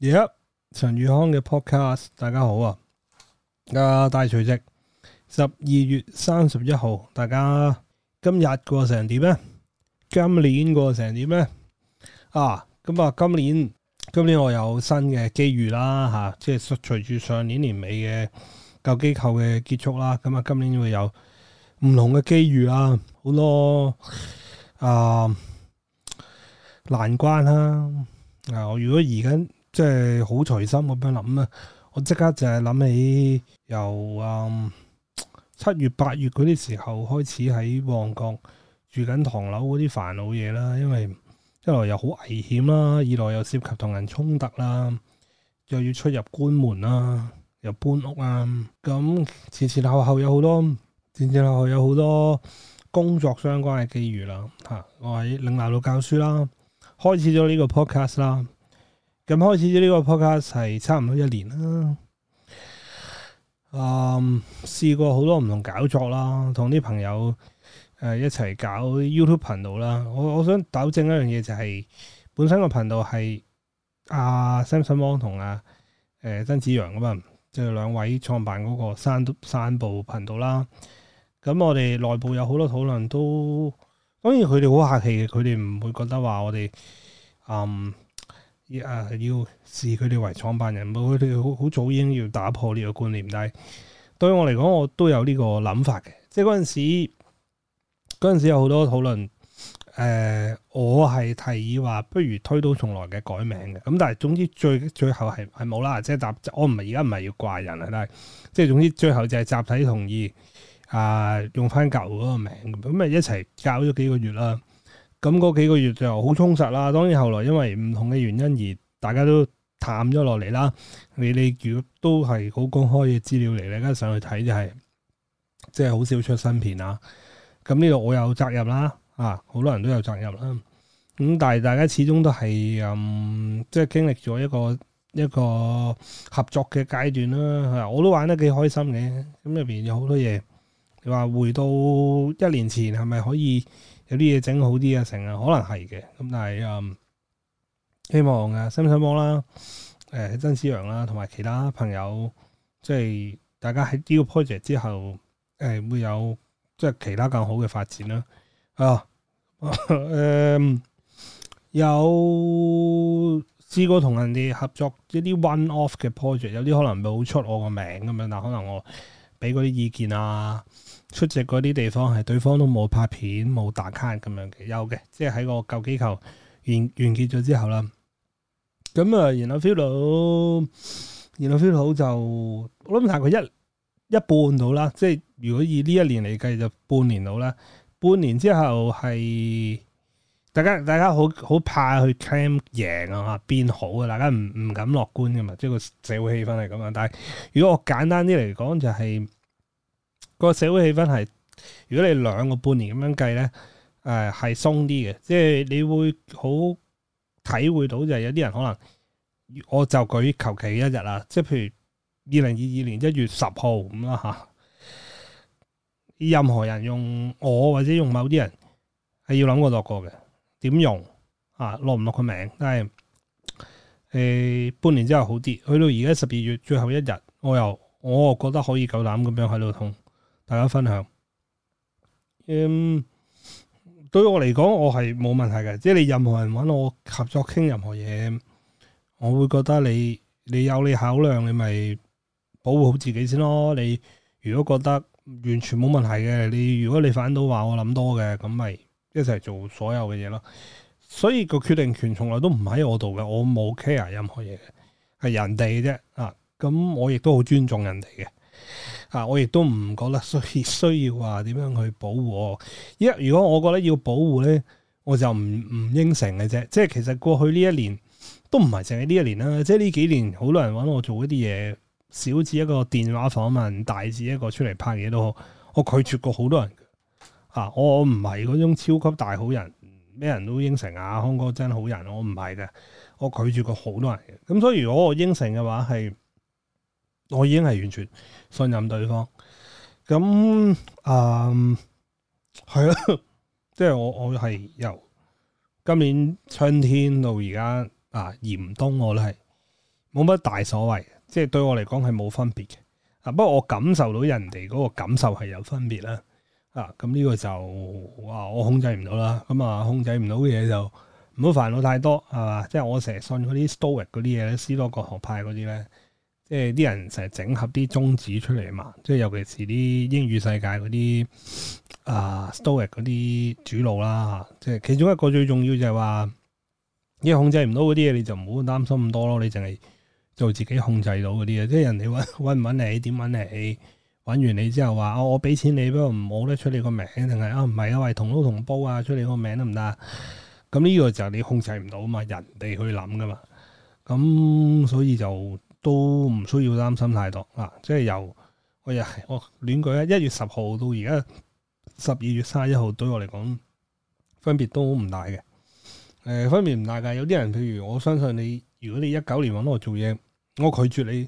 而家陳宇康嘅 podcast，大家好啊！啊，大除夕十二月三十一號，大家今日過成點咧？今年過成點咧？啊，咁、嗯、啊，今年今年我有新嘅機遇啦，吓、啊，即係隨住上年年尾嘅舊機構嘅結束啦，咁啊，今年會有唔同嘅機遇啦，好多啊難關啦。啊，我如果而家即係好隨心咁樣諗啊！我即刻就係諗起由嗯七月八月嗰啲時候開始喺旺角住緊唐樓嗰啲煩惱嘢啦，因為一來又好危險啦，二來又涉及同人衝突啦，又要出入關門啦，又搬屋啊。咁前前後後有好多，前前後後有好多工作相關嘅機遇啦。嚇、啊！我喺嶺南度教書啦，開始咗呢個 podcast 啦。咁開始呢個 podcast 係差唔多一年啦，嗯，試過好多唔同搞作啦，同啲朋友誒、呃、一齊搞 YouTube 頻道啦。我我想糾正一樣嘢就係、是，本身頻、啊啊呃就是、個頻道係阿 Samson Wong 同阿誒曾子陽噶嘛，即係兩位創辦嗰個散散步頻道啦。咁、嗯、我哋內部有好多討論，都當然佢哋好客氣嘅，佢哋唔會覺得話我哋嗯。亦、yeah，要視佢哋為創辦人，冇佢哋好好早已經要打破呢個觀念。但係對於我嚟講，我都有呢個諗法嘅。即係嗰陣時，嗰陣時有好多討論。誒、呃，我係提議話，不如推倒重來嘅改名嘅。咁但係總之最最後係係冇啦，即係答我唔係而家唔係要怪人啦，但係。即係總之最後就係集體同意啊，用翻舊嗰個名咁，咁咪一齊搞咗幾個月啦。咁嗰幾個月就好充實啦，當然後來因為唔同嘅原因而大家都淡咗落嚟啦。你你如果都係好公開嘅資料嚟咧，跟住上去睇就係即係好少出新片啦。咁呢度我有責任啦，啊好多人都有責任啦。咁、嗯、但係大家始終都係嗯，即係經歷咗一個一個合作嘅階段啦。我都玩得幾開心嘅，咁入邊有好多嘢。你話回到一年前係咪可以？有啲嘢整好啲啊，成日可能係嘅。咁但係嗯，希望、欸、啊，新新波啦，誒，曾思陽啦，同埋其他朋友，即係大家喺呢個 project 之後，誒、欸，會有即係其他更好嘅發展啦、啊。啊，誒、啊嗯，有試過同人哋合作一啲 one off 嘅 project，有啲可能冇出我個名咁樣，但可能我俾嗰啲意見啊。出席嗰啲地方係對方都冇拍片冇打卡咁樣嘅，有嘅，即係喺個舊機構完完結咗之後啦。咁啊，然後 feel 到，然後 feel 到就我諗大概一一半到啦，即係如果以呢一年嚟計就半年到啦。半年之後係大家大家好好怕去 cam 贏啊變好啊，大家唔唔敢樂觀噶嘛，即係個社會氣氛係咁樣。但係如果我簡單啲嚟講就係、是。個社會氣氛係，如果你兩個半年咁樣計咧，誒係鬆啲嘅，即係你會好體會到就係有啲人可能，我就舉求其一日啦，即係譬如二零二二年一月十號咁啦嚇。任何人用我或者用某啲人係要諗過落個嘅，點用啊落唔落個名？但係誒、呃、半年之後好啲，去到而家十二月最後一日，我又我覺得可以夠膽咁樣喺度通大家分享，嗯，對於我嚟講，我係冇問題嘅，即係你任何人揾我合作傾任何嘢，我會覺得你你有你考量，你咪保護好自己先咯。你如果覺得完全冇問題嘅，你如果你反到話我諗多嘅，咁咪一齊做所有嘅嘢咯。所以個決定權從來都唔喺我度嘅，我冇 care 任何嘢嘅，係人哋嘅啫啊。咁我亦都好尊重人哋嘅。啊！我亦都唔覺得需需要話點樣去保護我。一如果我覺得要保護咧，我就唔唔應承嘅啫。即係其實過去呢一年都唔係淨係呢一年啦。即係呢幾年好多人揾我做一啲嘢，小至一個電話訪問，大至一個出嚟拍嘢都好，我拒絕過好多人。啊！我唔係嗰種超級大好人，咩人都應承啊。康哥真係好人，我唔係嘅。我拒絕過好多人嘅。咁所以如果我應承嘅話係，我已經係完全信任對方，咁啊係咯，即係我我係由今年春天到而家啊嚴冬，我都係冇乜大所謂，即係對我嚟講係冇分別嘅啊。不過我感受到人哋嗰個感受係有分別啦，啊咁呢個就哇我控制唔到啦，咁啊控制唔到嘅嘢就唔好煩惱太多係嘛？即係我成日信嗰啲 Stoic 嗰啲嘢咧，斯多葛學派嗰啲咧。即係啲人成日整合啲宗旨出嚟嘛，即係尤其是啲英語世界嗰啲啊，Stoic 嗰啲主腦啦。即係其中一個最重要就係、是、話，因為控制唔到嗰啲嘢，你就唔好擔心咁多咯。你淨係做自己控制到嗰啲嘢。即係人哋揾揾唔揾你，點揾你？揾完你之後話啊、哦，我俾錢你，不過唔好得出你個名，定係啊唔係啊，喂、啊，同撈同煲啊，出你個名得唔得？咁、嗯、呢、這個就你控制唔到嘛，人哋去諗噶嘛。咁、嗯、所以就。都唔需要擔心太多嗱、啊，即係由我又我亂舉一，一月十號到而家十二月卅一號，對我嚟講分別都唔大嘅。誒、呃、分別唔大嘅，有啲人譬如我相信你，如果你一九年揾我做嘢，我拒絕你；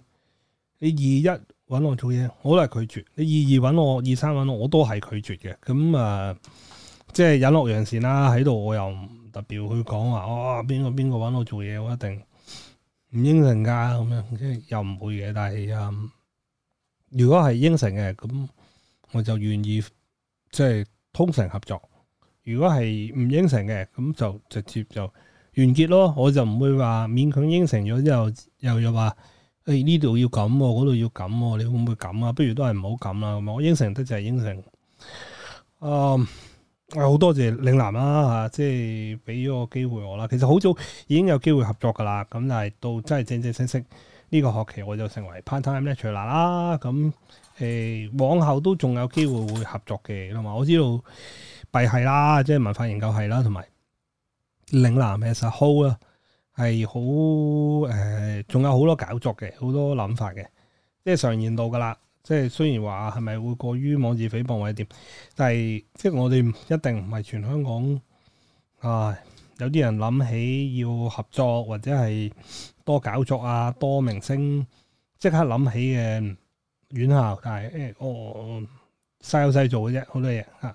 你二一揾我做嘢，我都係拒絕；你二二揾我，二三揾我，我都係拒絕嘅。咁、呃、啊，即係隱惡揚善啦，喺度我又唔特別去講話，哇邊個邊個揾我做嘢，我一定。唔應承噶咁樣，即係又唔會嘅。但係、嗯，如果係應承嘅，咁我就願意即係、就是、通常合作。如果係唔應承嘅，咁就，就直接就完結咯。我就唔會話勉強應承咗之後，又又話誒呢度要咁、啊，嗰度要咁、啊，你會唔會咁啊？不如都係唔好咁啦。咁我應承得就係應承。嗯。誒好、啊、多謝嶺南啦嚇，即係俾咗個機會我啦。其實好早已經有機會合作噶啦，咁但係到真係正正式式呢個學期我就成為 part time lecturer 啦。咁、啊、誒、啊、往後都仲有機會會合作嘅，㗎嘛。我知道弊係啦，即係文化研究係啦，同埋嶺南其實好啦，係好誒，仲有好多搞作嘅，好多諗法嘅，即係常言道噶啦。即係雖然話係咪會過於妄自菲薄或者點，但係即係我哋一定唔係全香港啊，有啲人諗起要合作或者係多搞作啊，多明星即刻諗起嘅院校，但係誒、哦、我細有細做嘅啫，好多嘢吓，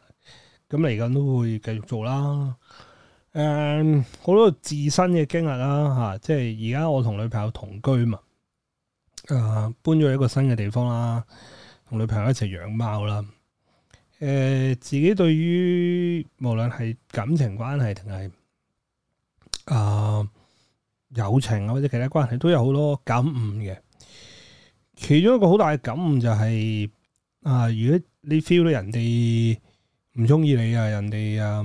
咁嚟緊都會繼續做啦。誒、嗯，好多自身嘅經歷啦吓，即係而家我同女朋友同居嘛。誒，搬咗去一個新嘅地方啦，同女朋友一齊養貓啦。誒、呃，自己對於無論係感情關係定係誒友情啊或者其他關係，都有好多感悟嘅。其中一個好大嘅感悟就係、是，啊、呃，如果你 feel 到人哋唔中意你啊，人哋啊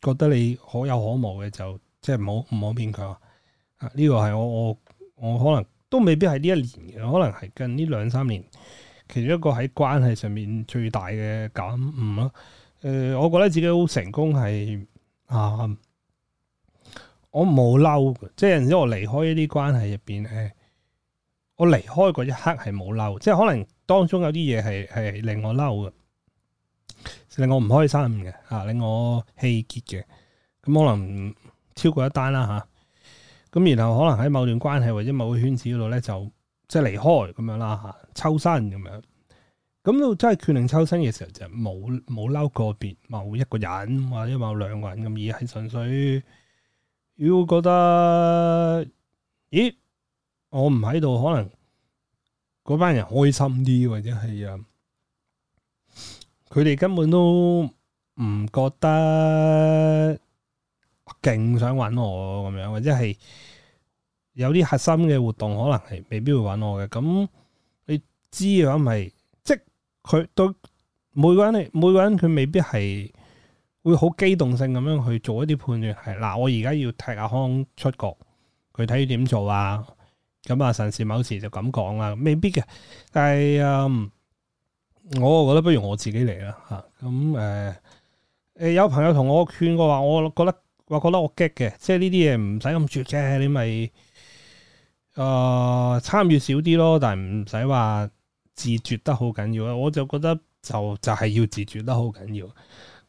覺得你可有可無嘅，就即係唔好唔好勉強。呢、呃這個係我我我可能。都未必係呢一年嘅，可能係近呢兩三年，其中一個喺關係上面最大嘅感悟咯。誒、呃，我覺得自己好成功係啊，我冇嬲嘅，即係如果我離開呢啲關係入邊，誒、哎，我離開嗰一刻係冇嬲，即係可能當中有啲嘢係係令我嬲嘅、啊，令我唔開心嘅，吓令我氣結嘅，咁可能超過一單啦，吓、啊。咁然後可能喺某段關係或者某個圈子嗰度咧，就即係離開咁樣啦吓，抽身咁樣。咁到真係決定抽身嘅時候，就冇冇嬲個別某一個人或者某兩個人咁，而係純粹，如果覺得，咦，我唔喺度，可能嗰班人開心啲，或者係啊，佢哋根本都唔覺得。勁想搵我咁樣，或者係有啲核心嘅活動，可能係未必會搵我嘅。咁你知嘅話，咪即係佢對每個人，每個人佢未必係會好機動性咁樣去做一啲判斷。係嗱，我而家要睇阿康出局，佢睇要點做啊？咁啊，神氏某時就咁講啦，未必嘅。但係誒、嗯，我覺得不如我自己嚟啦吓。咁誒誒，有朋友同我勸過話，我覺得。我覺得我激嘅，即係呢啲嘢唔使咁絕嘅，你咪誒、呃、參與少啲咯。但係唔使話自絕得好緊要啊！我就覺得就就係、是、要自絕得好緊要。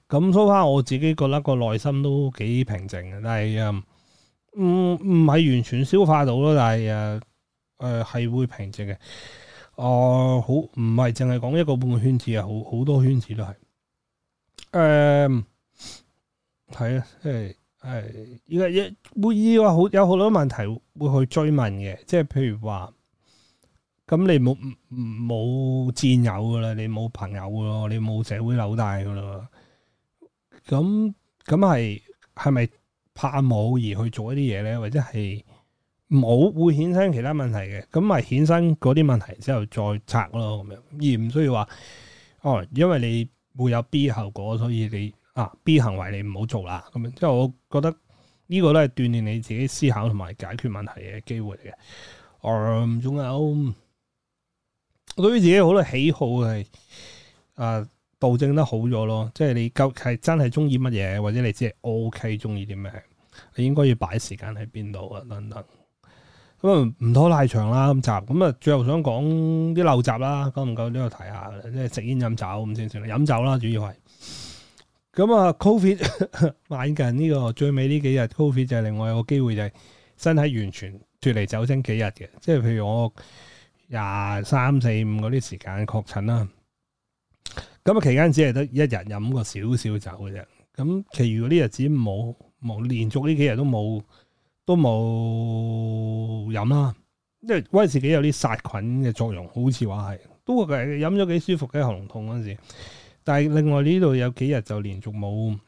咁收返我自己覺得個內心都幾平靜嘅，但係誒唔唔係完全消化到咯。但係誒誒係會平靜嘅。我、呃、好唔係淨係講一個半個圈子啊，好好多圈子都係誒係啊，即、呃、係。係依家一會依個好有好多問題會去追問嘅，即係譬如話，咁你冇冇戰友噶啦，你冇朋友噶咯，你冇社會紐帶噶咯，咁咁係係咪怕冇而去做一啲嘢咧，或者係冇會衍生其他問題嘅，咁咪衍生嗰啲問題之後再拆咯咁樣，而唔需要話，哦，因為你會有 B 後果，所以你。啊！B 行為你唔好做啦，咁樣即係我覺得呢個都係鍛鍊你自己思考同埋解決問題嘅機會嚟嘅、呃。嗯，仲有對於自己好多喜好係啊，導、呃、正得好咗咯。即係你夠係真係中意乜嘢，或者你知 OK 中意啲咩，你應該要擺時間喺邊度啊等等。咁、嗯、啊，唔拖太長啦今集。咁啊，最後想講啲陋習啦，夠唔夠呢度睇下？即係食煙飲酒咁先算啦，飲酒啦主要係。咁啊、嗯、Covid 晚 近呢、呢個最尾呢幾日，Covid 就係另外有個機會，就係身體完全脫離酒精幾日嘅。即係譬如我廿三四五嗰啲時間確診啦，咁、嗰、啊、個、期間只係得一日飲過少少酒嘅啫。咁其餘嗰啲日子冇冇連續呢幾日都冇都冇飲啦。因為威士忌有啲殺菌嘅作用，好似話係，都係飲咗幾舒服嘅喉嚨痛嗰陣時。但係另外呢度有幾日就連續冇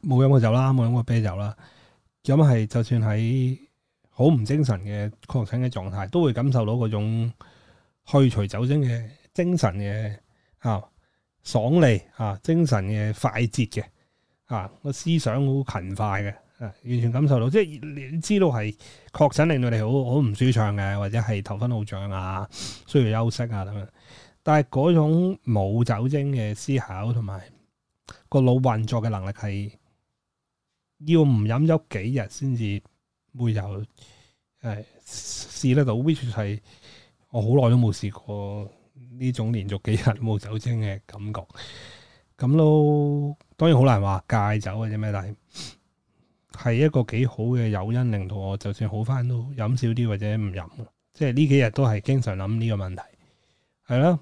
冇飲過酒啦，冇飲過啤酒啦。咁係就算喺好唔精神嘅確診嘅狀態，都會感受到嗰種去除酒精嘅精神嘅嚇、啊、爽利嚇、啊，精神嘅快捷嘅嚇，個、啊、思想好勤快嘅嚇、啊，完全感受到。即係你知道係確診令到你好好唔舒暢嘅，或者係頭昏腦脹啊，需要休息啊咁樣。但係嗰種冇酒精嘅思考同埋個腦運作嘅能力係要唔飲咗幾日先至會有誒試得到，which 係我好耐都冇試過呢種連續幾日冇酒精嘅感覺。咁都當然好難話戒酒或者咩？但係係一個幾好嘅誘因令到我就算好翻都飲少啲或者唔飲。即係呢幾日都係經常諗呢個問題，係、嗯、啦。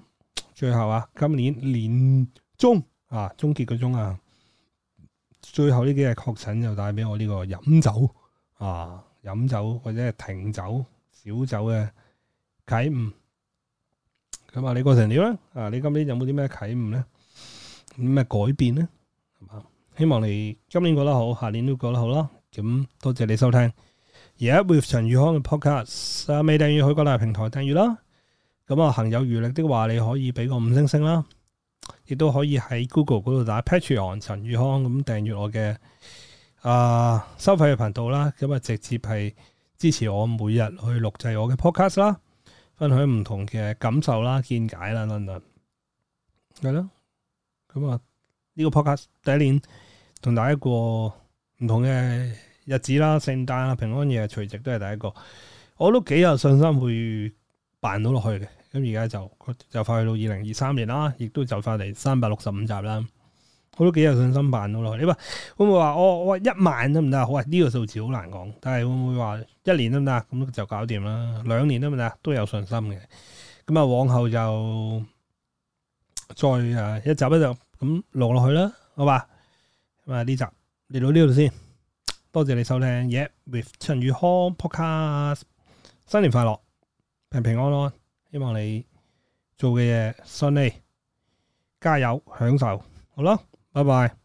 最後啊，今年年終啊，終結嗰中啊，最後呢幾日確診就帶俾我呢個飲酒啊，飲酒或者係停酒少酒嘅啟悟。咁啊，你過成點咧？啊，你今年有冇啲咩啟悟咧？咁咩改變咧？係、啊、嘛？希望你今年過得好，下年都過得好啦。咁多謝你收聽，而家 with 陳宇康嘅 podcast 啊，未訂閱去各大平台訂閱啦。咁啊，行有餘力的話，你可以俾個五星星啦，亦都可以喺 Google 嗰度打 Patreon，陳宇康咁訂閲我嘅啊、呃、收費嘅頻道啦，咁啊直接係支持我每日去錄製我嘅 Podcast 啦，分享唔同嘅感受啦、見解啦等等，係咯。咁啊，呢個 Podcast 第一年同大家過唔同嘅日子啦，聖誕啦、平安夜啊、除夕都係第一個，我都幾有信心去。辦到落去嘅，咁而家就就快去到二零二三年啦，亦都就快嚟三百六十五集啦。我都幾有信心辦到落去。你話會唔會話我我一萬都唔得好啊？呢、這個數字好難講，但係會唔會話一年都唔得？咁就搞掂啦。兩年都唔得？都有信心嘅。咁、嗯、啊，往後就再啊一集一集咁落落去啦，好吧？咁啊呢集嚟到呢度先，多謝你收聽。Yeah，with 陳宇康、uh、Podcast，新年快樂。平平安安，希望你做嘅嘢順利，加油，享受，好啦，拜拜。